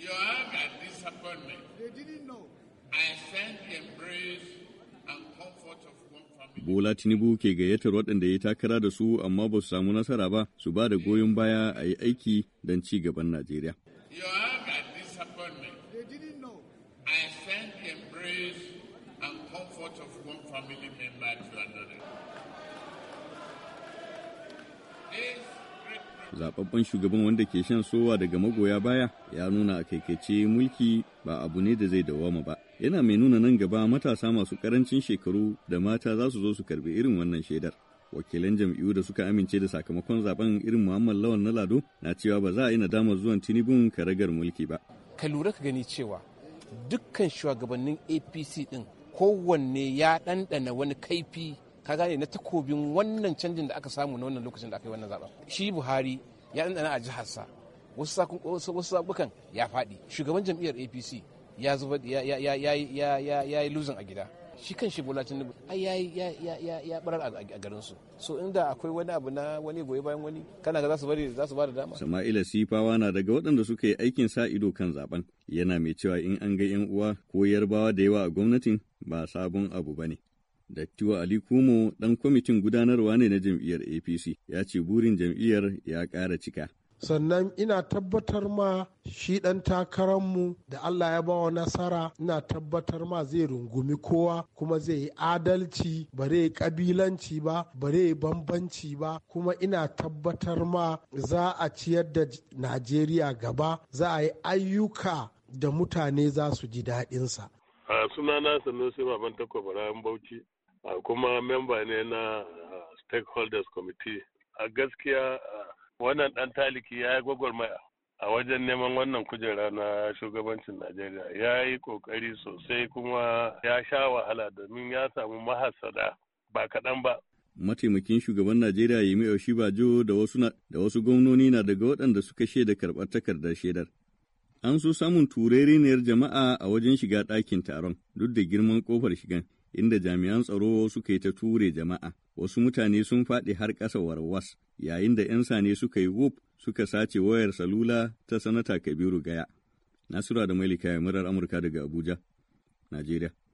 You have a disappointment. They didn't know. I sent embrace and comfort of Bola Tinubu ke gayyatar waɗanda ya takara da su amma ba su samu nasara ba su ba da goyon baya a yi aiki don ci gaban Najeriya. I embrace and comfort of one family member to another. zababben shugaban wanda ke shan sowa daga magoya baya ya nuna a kaikace mulki ba abu ne da zai dawama ba yana mai nuna nan gaba matasa masu karancin shekaru da mata za su zo su karbi irin wannan shaidar wakilan jam'iyyu da suka amince da sakamakon zaben irin muhammad lawan na lado na cewa ba za a yi nadamar zuwan tinubun karagar mulki ba ka lura ka gani cewa dukkan shugabannin apc din kowanne ya ɗanɗana wani kaifi ka gane na takobin wannan canjin da aka samu na wannan lokacin da aka yi wannan zaben shi buhari ya ɗanɗana a jiharsa wasu sabukan ya faɗi shugaban jam'iyyar apc ya zuba ya yi luzin a gida shi kan shi bola tinubu ai ya ya barar a garin su so inda akwai wani abu na wani goyi bayan wani kana ga za su bari za su bada dama sama'ila sifawa na daga waɗanda suka yi aikin sa ido kan zaben yana mai cewa in an ga yan uwa ko yarbawa da yawa a gwamnatin ba sabon abu bane Dattiwa Ali Kumo ɗan kwamitin gudanarwa ne na jam'iyyar APC ya ce burin jam'iyyar ya ƙara cika. sannan ina tabbatar ma shi ɗan takararmu da Allah ya bawa nasara ina tabbatar ma zai rungumi kowa kuma zai yi adalci ba zai kabilanci ba ba zai bambanci ba kuma ina tabbatar ma za a ciyar da Najeriya gaba za a yi ayyuka da mutane za su ji daɗinsa. a sunana sannan sai baban takwa bauchi kuma memba ne na uh, stakeholders committee a gaskiya uh, wannan dan taliki ya yi gwagwarmaya a wajen neman wannan kujera na shugabancin najeriya ya yi kokari sosai kuma ya sha wahala domin ya samu mahasada ba kaɗan ba mataimakin shugaban najeriya yemi oshibajo da wasu da wasu gwamnoni na daga waɗanda suka shaida karɓar takardar shaidar an so samun turereniyar jama'a a wajen shiga ɗakin taron duk da girman ƙofar shigan inda jami'an tsaro suka yi ta ture jama'a. Wasu mutane sun faɗi har ƙasa warwas, yayin da 'yan sane suka yi wuf suka sace wayar salula ta sanata Kabiru Gaya. Nasura da Malika murar Amurka daga Abuja, Najeriya.